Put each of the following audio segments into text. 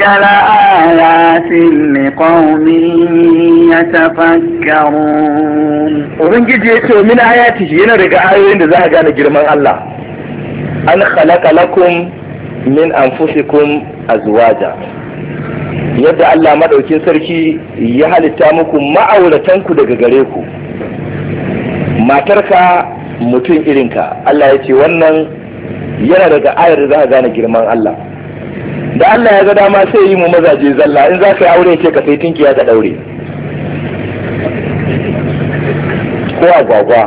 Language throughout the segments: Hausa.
لآيات لقوم يتفكرون Ubangiji ya ce wa min ayati yana daga ayoyin da za a gane girman Allah an khalaqa lakum min kun anfusikum azwaja yadda Allah maɗaukin sarki ya halitta muku ma'auratanku daga gare ku matarka mutum irinka Allah ya ce wannan yana daga ayar da za a gane girman Allah da Allah ya ga dama sai yi mu mazaje zalla in za ka yi aure ce ka sai tinkiya ka daure ko agwagwa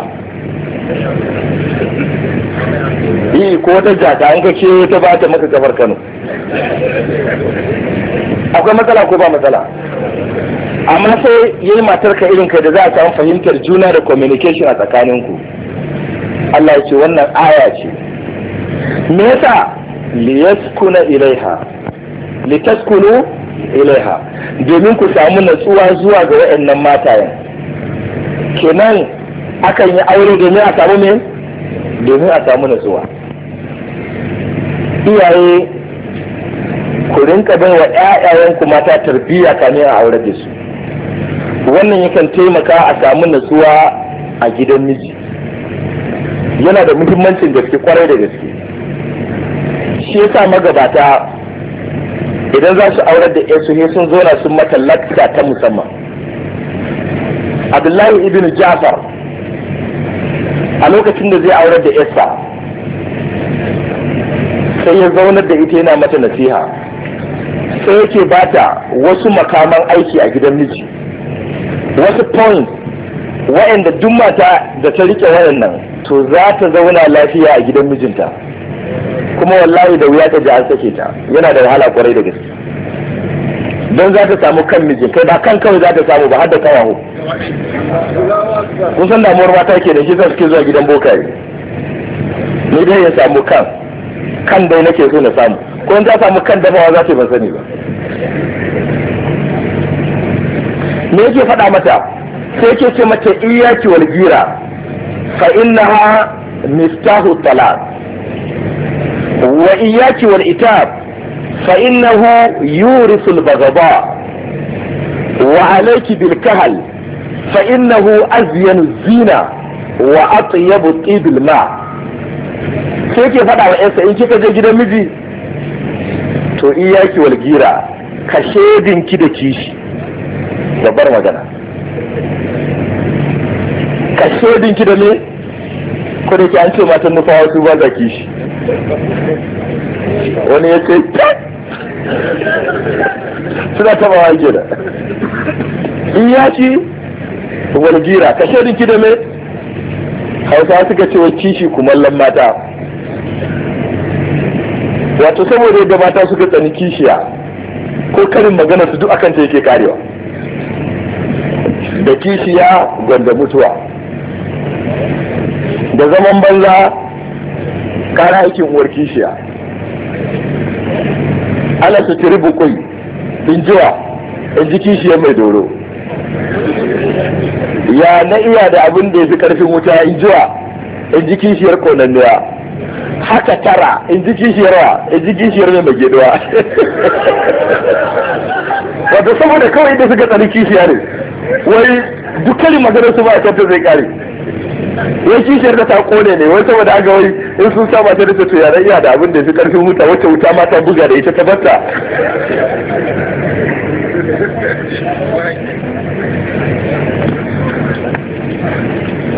yi ko ta jaka an ka ce ta ba ta maka kafar Kano akwai matsala ko ba matsala amma sai yi matar ka irin kai da za a samu fahimtar juna da communication a tsakaninku Allah ya ce wannan aya ce me yasa liyaskuna ilaiha litaskunu ilaiha domin ku samu natsuwa zuwa ga waɗannan matayen kenan akan yi aure domin a samu me domin a samu natsuwa iyaye ku rinka bai wa ƴaƴayenku mata tarbiyya kamin a aure da su wannan yakan taimaka a samu natsuwa a gidan miji yana da muhimmancin gaske kwarai da gaske shi yasa magabata idan za su aurar da yasu ne sun zona sun mata lakka ta musamman abdullahi ibn jafar a lokacin da zai aurar da yasa sai ya zaunar da ita yana mata nasiha sai yake bata wasu makaman aiki a gidan miji wasu point wa'anda duk mata da ta rike wayannan to za ta zauna lafiya a gidan mijinta kuma wallahi da wuya ta ji an sake ta yana da wahala kwarai da gaske don za ta samu kan mijin kai ba kan kawai za ta samu ba har da kawaho kusan damuwar mata ke da shi zan suke zuwa gidan bokaye ni dai ya samu kan kan dai nake so na samu ko in ta samu kan dafawa za ta ban sani ba me yake faɗa mata sai ke ce mace iyaki wal gira fa innaha miftahu talat وإياك والإتاب فإنه يورث البغضاء وعليك بالكهل فإنه أزين الزينة وأطيب الطيب الماء كيف يفضع وإنسا إن كيف جيد مجي تو إياك والجيرة كشيد كده كيش دبر مجانا كشيد كده ليه ko da ke an ce matan nufa su ba za shi wani ya ce suna taba wa da in ya ci walgira ka shaɗin ki da mai hausa suka ce wa kishi kumallon mata wato saboda yadda mata suka tsani kishiya ko karin magana su duk akan ta yake karewa da kishiya gwanda mutuwa da zaman banza kara aikin uwar kishiya ala su tiri bukwai in jiwa in ji kishiyar mai doro ya na iya da abin da ya fi karfin wuta in jiwa in ji kishiyar konanniya haka tara in ji kishiyar wa in ji kishiyar mai magidowa wadda saboda kawai da suka tsari kishiya ne wai dukkanin maganar su ba a zai kare wai kishiyar da ta kone ne wai saboda aga wai in sun saba ta da to ya iya da abin da fi karfin wuta wacce wuta ma ta buga da ita ta batta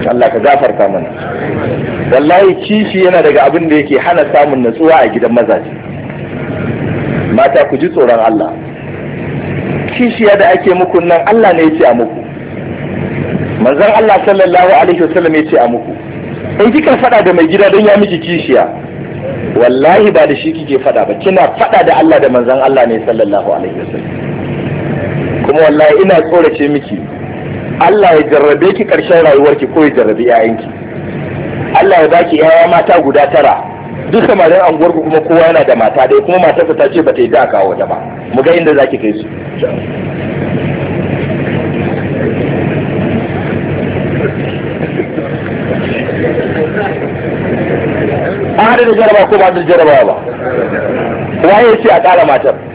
Allah ka gafarta mana wallahi kishi yana daga abin da yake hana samun natsuwa a gidan mazaje mata ku ji tsoron Allah kishiya da ake muku nan Allah ne ya ce a muku Manzan Allah sallallahu alaihi wasallam ya ce a muku in kika fada da mai gida don ya miki kishiya wallahi ba da shi kike fada ba kina fada da Allah da manzon Allah ne sallallahu alaihi wasallam kuma wallahi ina tsorace miki Allah ya jarrabe ki karshen rayuwarki ko ya jarrabe 'ya'yanki Allah ya baki 'ya'ya mata guda tara duk samarin anguwarku kuma kowa yana da mata dai kuma matarsa ta ce ba ta yi da kawo ta ba mu ga inda zaki kai su da jaraba ko ba da jaraba ba waye ce a ƙara matar